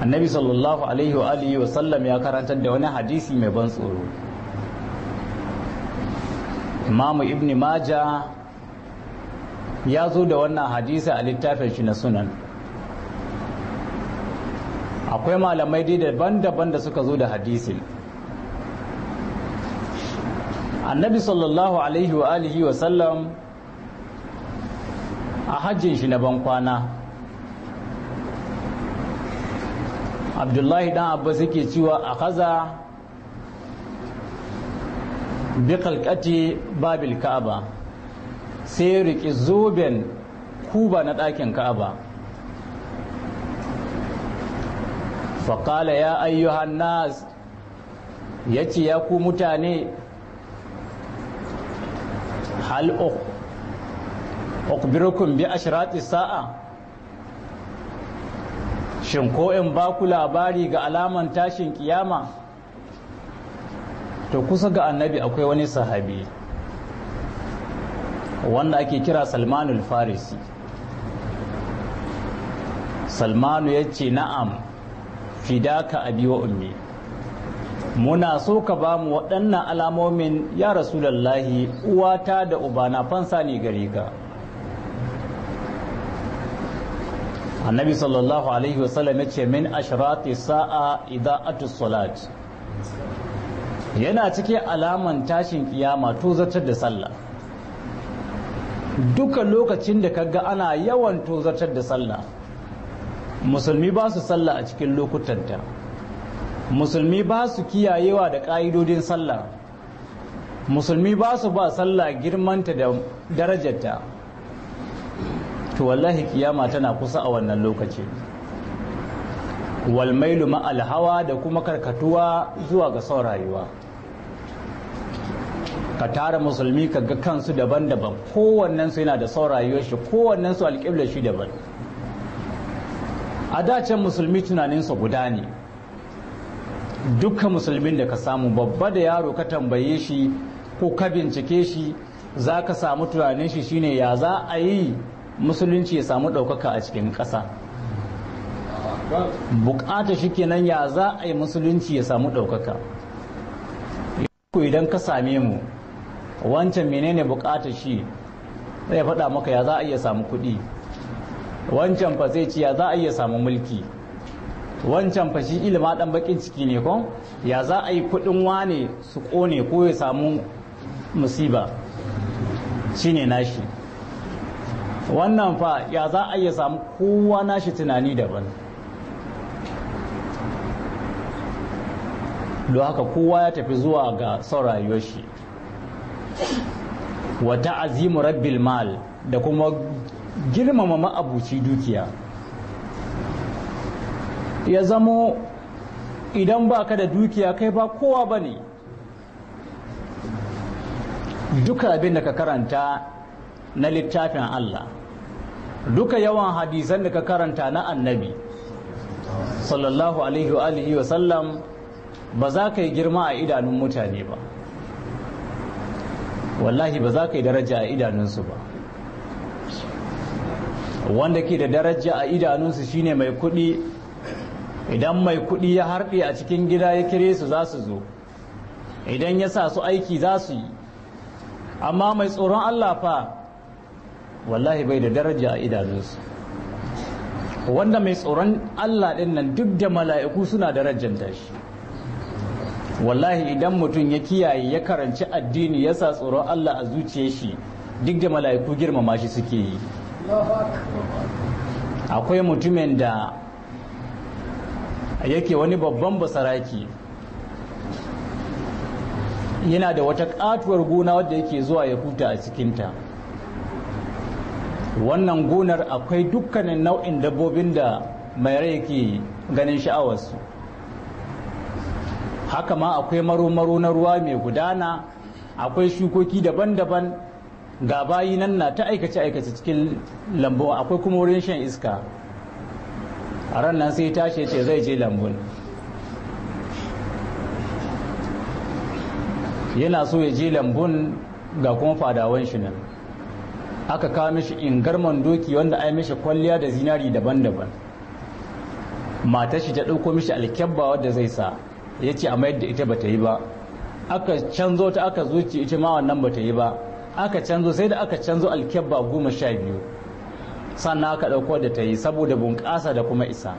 annabi sallallahu alaihi wa alihi wa sallam ya karantar da wani hadisi mai ban tsoro imamu ibn maja ya zo da wannan hadisi a littafin shi na sunan akwai malamai dai daban-daban da suka zo da hadisi annabi sallallahu alaihi wa alihi wa sallam a hajjin shi na ban kwana. abdullahi dan abbas yake cewa a kaza bi babil ka'aba sai riƙe riƙi zoben kuba na ɗakin ka'aba faƙala ya ayyuhan nas ya ce ya ku mutane hal uku bi ashirati sa'a shin ko in ba ku labari ga alaman tashin kiyama to kusa ga annabi akwai wani sahabi wanda ake kira salmanul farisi salmanu ya ce na'am fidaka abi wa ummi muna so ka ba mu waɗannan alamomin ya rasulallahi uwata da ubana fansa ne gare ka annabi sallallahu alaihi wasallam ya ce min ashrati sa'a atus salat yana cikin alaman tashin kiyama tozartar da sallah duka lokacin da kaga ana yawan tozartar da sallah musulmi ba su sallah a cikin lokutanta musulmi ba su kiyayewa da ƙa'idodin sallah musulmi ba su ba sallah girmanta da darajarta to wallahi kiyama tana kusa a wannan lokaci walmailu ma'al hawa da kuma karkatuwa zuwa ga son rayuwa ka tara musulmi ka ga kansu daban-daban su yana da son rayuwar shi su alƙiblar shi daban a dacen musulmi tunaninsa guda ne dukkan musulmin da ka samu babba da yaro ka tambaye shi ko ka bincike shi za ka samu tunanin shi shine ya za a yi musulunci ya samu ɗaukaka a cikin ƙasa bukata shi kenan ya za a yi musulunci ya samu ɗaukaka ku idan ka same mu wancan menene bukata shi zai faɗa maka ya za a iya samu kuɗi wancan fa zai ci ya za a iya samu mulki wancan fa shi ilima ɗan bakin ciki ne ko ya za a yi kuɗin wane su ƙone ko ya samu musiba shine nashi wannan fa ya za a iya samu kowa nashi tunani daban don haka kowa ya tafi zuwa ga son shi wata azimu rabbil mal da kuma girmama ma'abuci dukiya ya zamo idan ba ka da dukiya kai ba kowa ba ne Duka abin da ka karanta na littafin Allah duka yawan hadisan da ka karanta na annabi sallallahu alaihi wa alihi wa sallam ba za ka yi girma a idanun mutane ba wallahi ba za ka yi daraja a idanunsu ba wanda ke da daraja a idanunsu shine mai kuɗi idan mai kuɗi ya harbe a cikin gida ya kire su za su zo idan ya sa su aiki za su yi amma mai tsoron allah fa wallahi bai da daraja a idanunsu wanda mai tsoron Allah ɗin nan duk da mala'iku suna darajar shi wallahi idan mutum ya kiyaye ya karanci addini ya sa tsoron Allah a zuciyar shi duk da mala'iku girmama shi suke yi akwai mutumin da yake wani babban basaraki yana da wata katuwar gona wadda yake zuwa ya huta a cikinta wannan gonar akwai dukkanin nau'in dabbobin da mai rai ke ganin sha'awarsu haka ma akwai maro-maro na ruwa mai gudana akwai shukoki daban-daban ga bayi nan na ta aikace-aikace cikin lambu akwai kuma wurin shan iska a ran nan sai tashi ce zai je lambun yana so ya je lambun ga kuma fadawan shi nan aka kawo mishi ingarman doki wanda ai mishi kwalliya da zinari daban-daban matar shi ta ɗauko mishi alkyabba wadda zai sa ya ce amma yadda ita ita bata yi ba aka canzo ta aka zuci ita ma wannan bata yi ba aka canzo sai da aka canzo alkyabba goma sha biyu sannan aka ɗauko da ta yi saboda bunƙasa da kuma isa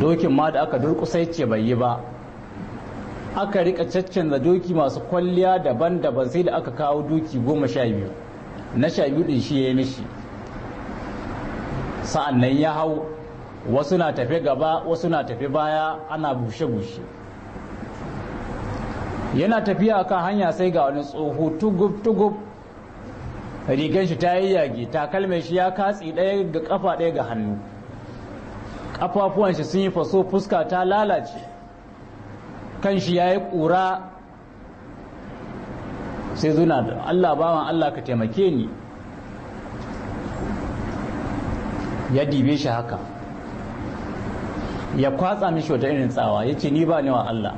dokin ma da aka durƙusa ce bai yi ba aka rika caccanza doki masu kwalliya daban-daban sai da aka kawo doki goma sha biyu na sha biyu din shi ya yi mishi sa'an nan ya hau wasu na tafe gaba wasu na tafe baya ana bushe-bushe yana tafiya kan hanya sai ga wani tsoho tugub-tugub rigan shi ta yi yage takalmai shi ya katsi ɗaya ga kafa ɗaya ga hannu ƙafafuwan shi sun yi faso fuska ta lalace kan shi ya yi ƙura sai zuna da allah ba allah ka taimake ni ya dibe shi haka ya kwatsa mishi wata irin tsawa ya ce ni ba ne wa allah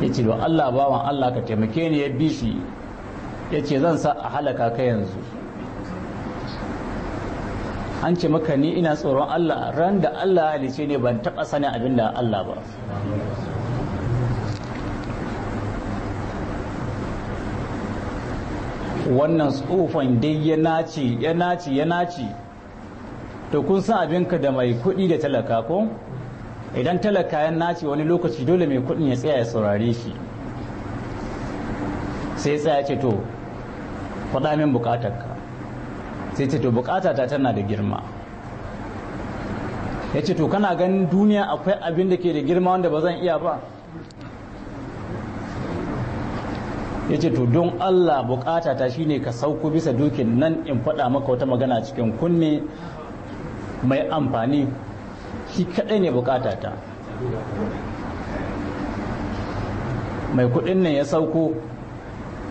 ya ce da allah ba allah ka taimake ni ya bi shi ya ce zan sa a halaka ka yanzu an ce maka ni ina tsoron Allah ran da Allah ya halice ne ban taɓa sani abin da Allah ba wannan tsofan dai ya naci ya naci ya naci to kun san abinka da mai kuɗi da talaka ko idan talaka ya naci wani lokaci dole mai kuɗin ya tsaya ya saurare shi sai tsaya ce to faɗa min bukatarka sai ce to bukata ta tana da girma ya ce to kana ganin duniya akwai abin da ke da girma wanda ba zan iya ba ya ce to don allah bukata ta shine ka sauko bisa dukin nan in faɗa maka wata magana cikin kunne mai amfani shi kaɗai ne bukata ta mai kuɗin nan ya sauko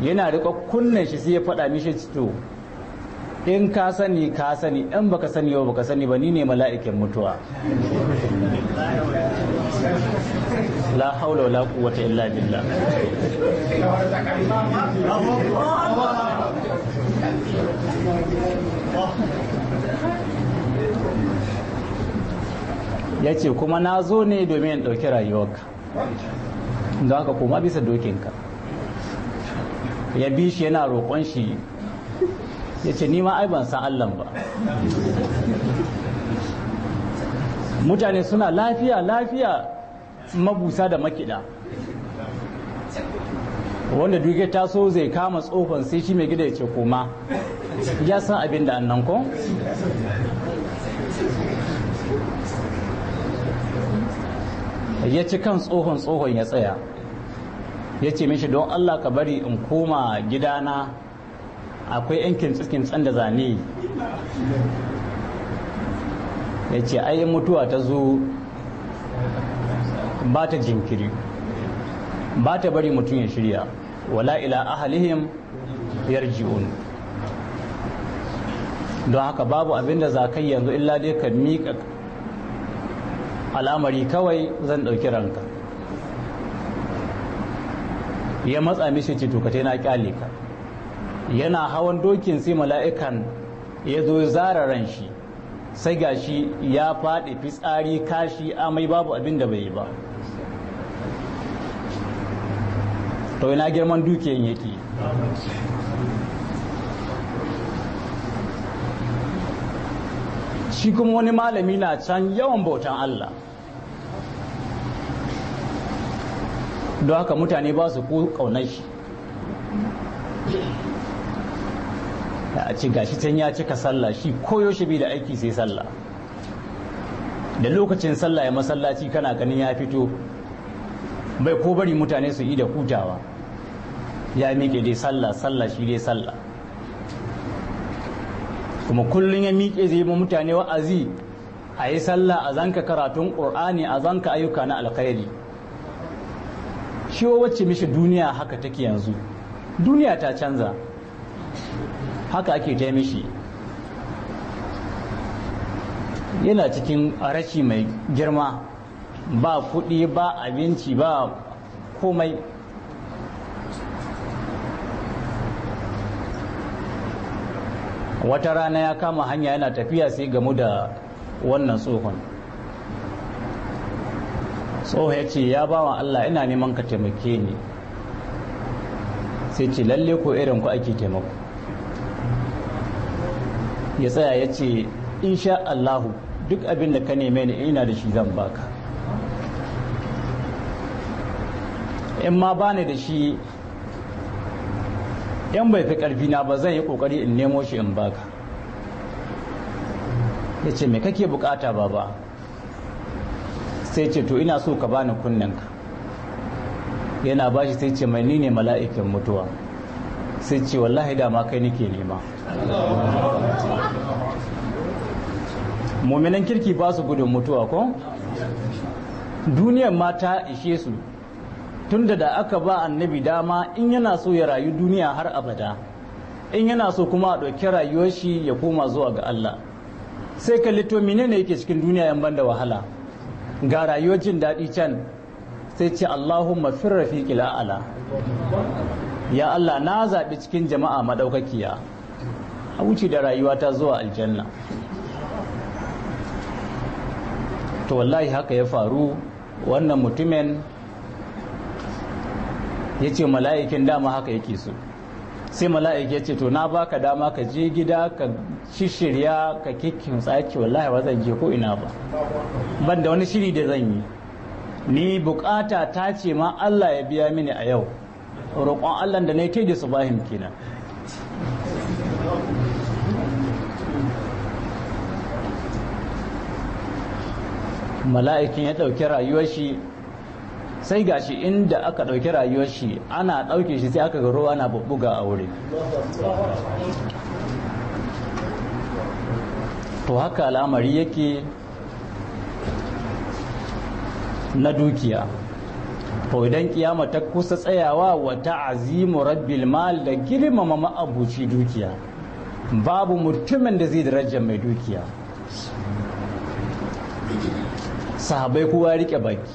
yana riƙa kunnen shi sai ya faɗa mishi to in ka sani ka sani in baka sani ba baka sani ba ni ne mala'ikin mutuwa la haula wala quwwata illa billah ya ce kuma na zo ne domin in ɗauki rayuwarka don haka koma bisa dokinka ya bi shi yana roƙon shi ya ce ni ma ai ban san Allah ba mutane suna lafiya lafiya mabusa da makida wanda duke so zai kama tsofan sai shi mai gida ya ce koma ya san abin da annan ko ya ci kan tsohon tsohon ya tsaya ya ce mishi don allah ka bari in koma gidana akwai yan kintsan da zane ya ce ai mutuwa ta zo ba ta jinkiri ba ta bari mutum ya shirya wala ila ahalihim yarji'un don haka babu abinda za ka yanzu illa dai ka miƙa al'amari kawai zan ɗauki ranka ya matsa mishi ce to ka na kyale ka yana hawan dokin sai mala'ikan ya zo zara ran shi sai gashi ya faɗi fitsari kashi amai babu abin da bai yi ba to ina girman dukiyan yake shi kuma wani malami na can yawan bautan Allah don haka mutane ba su ko ƙaunar shi a ce gashi can ya cika sallah shi koyaushe bai da aiki sai sallah da lokacin sallah ya masallaci kana ganin ya fito bai ko bari mutane su yi da hutawa ya miƙe dai sallah sallah shi dai sallah kuma kullum ya miƙe zai ma mutane wa'azi a yi sallah a zanka karatun ƙur'ani a zanka ayyuka na alkhairi shi wacce mishi duniya haka take yanzu duniya ta canza haka ake ta mishi yana cikin rashi mai girma ba kuɗi ba abinci ba komai wata rana ya kama hanya yana tafiya sai gamu da wannan tsohon tsohon ya ce ya bawa Allah ina neman ka taimake ni sai ce lalle ko irin ku ake taimako ya tsaya ya ce insha Allahu duk abin da ka neme ni ina da shi zan baka in ma bani da shi yan bai fi karfi na ba zan yi kokari in nemo shi in baka ya ce me kake bukata ba sai ce to ina so ka bani kunnen ka yana bashi sai ce mai ni ne mala'ikin mutuwa sai ce wallahi dama kai nake nema muminan kirki ba su gudun mutuwa ko duniyar ma ta ishe su tunda da aka ba annabi dama in yana so ya rayu duniya har abada in yana so kuma a ɗauki rayuwar shi ya koma zuwa ga Allah sai ka lito menene yake cikin duniya yan banda wahala ga rayuwar jin daɗi can sai ce Allahumma firrafi ila ala ya Allah na zaɓi cikin jama'a maɗaukakiya a wuce da rayuwa ta zuwa aljanna to wallahi haka ya faru wannan mutumin ya ce mala'ikin dama haka yake so sai mala'ik ya ce to na baka dama ka je gida ka shishirya ka kikin tsaki wallahi ba zan je ko ina ba ban da wani shiri da zan yi ni bukata ta ce ma Allah ya biya mini a yau roƙon Allah da na yi teji su bahim kenan mala'ikin ya ɗauki rayuwar shi sai gashi inda aka ɗauki rayuwar shi ana ɗauke shi sai aka ga ruwa na bubbuga a wuri to haka al'amari yake na dukiya to idan kiyama ta kusa tsayawa wa ta'azimu rabbil mal da girmama ma'abuci dukiya babu mutumin da zai daraja mai dukiya sahabai kowa rike baki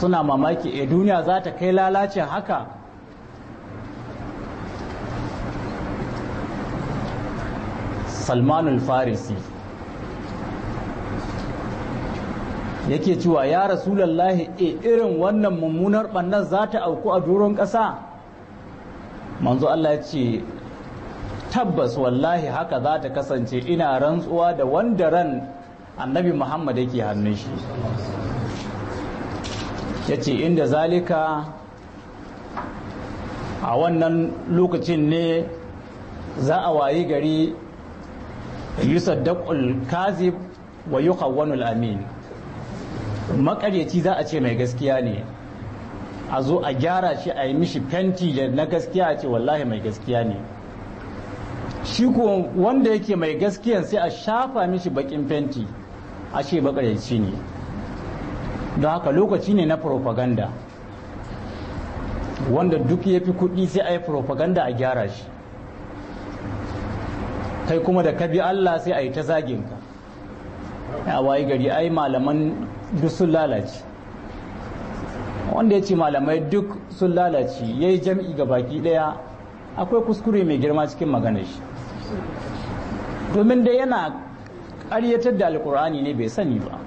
suna mamaki a eh, duniya za ta kai lalacin haka salmanul farisi yake cewa ya rasulallahi e irin wannan mummunar ɓannan za ta auku a doron ƙasa manzo Allah ya ce tabbas wallahi haka za ta kasance ina rantsuwa da wanda ran annabi muhammad yake hannun shi ya ce inda zalika a wannan lokacin ne za a wayi gari yusaddaqul kazib wa yuqawwanul amin makaryaci za a ce mai gaskiya ne a zo a gyara shi a yi mishi fenti da na gaskiya a ce wallahi mai gaskiya ne shi ko wanda yake mai gaskiyan sai a shafa mishi bakin fenti a ce makaryaci ne don haka lokaci ne na propaganda wanda duk ya fi kuɗi sai a yi propaganda a gyara shi kai kuma da ka bi Allah sai a yi ta zaginka a wayi gari ai malaman duk sun lalace wanda ya ce malamai duk sun lalace ya yi jam'i ga baki ɗaya akwai kuskure mai girma cikin maganar shi domin da yana ƙaryatar da alkur'ani ne bai sani ba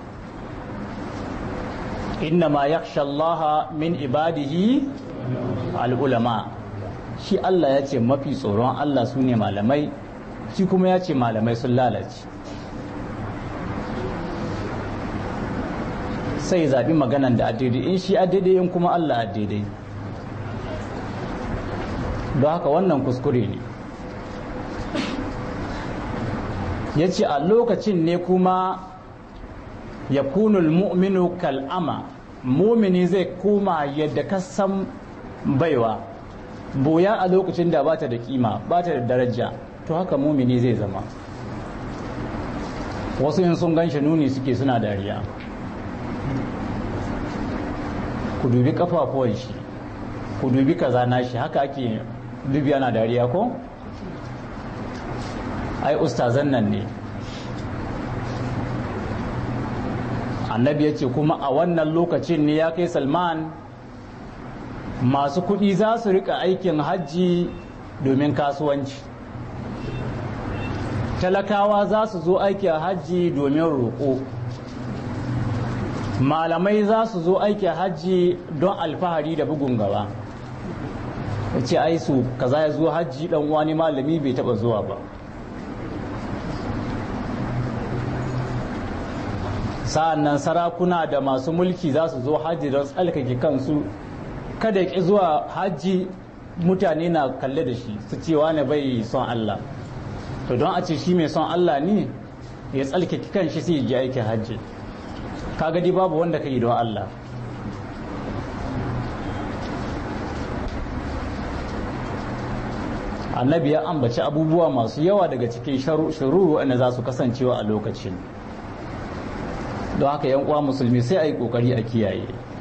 inna ma ya min ibadihi al'ulama shi Allah ya ce mafi tsoron Allah su ne malamai shi kuma ya ce malamai sun lalace sai ya zaɓi magana da adidi in shi adidi in kuma Allah adidi don haka wannan kuskure ne ya ce a lokacin ne kuma ya kunul mu'minu kal'ama mumini zai kuma yadda kasan baiwa boya a lokacin da bata da kima bata da daraja to haka mumini zai zama wasu yin sun gan shi nuni suke suna dariya ku dubi kafafuwan shi ku dubi kaza na shi haka ake dubi yana dariya ko ai ustazan nan ne annabi ya ce kuma a wannan lokacin ne ya kai salman masu kuɗi za su rika aikin hajji domin kasuwanci talakawa za su zo aikin hajji domin roƙo malamai za su zo aiki hajji don alfahari da bugun gaba ce ai su kaza ya zo hajji dan wani malami bai taba zuwa ba sa'annan sarakuna da masu mulki za su zo hajji don tsalkake kansu kada ya zuwa hajji mutane na kalle da shi su cewa na bai son Allah to don a ce shi mai son Allah ne ya tsalkake kan shi sai ya ji aikin hajji ka gadi babu wanda ka yi don Allah annabi ya ambaci abubuwa masu yawa daga cikin shuru wanda za su kasancewa a lokacin don haka yan uwa musulmi sai a yi kokari a kiyaye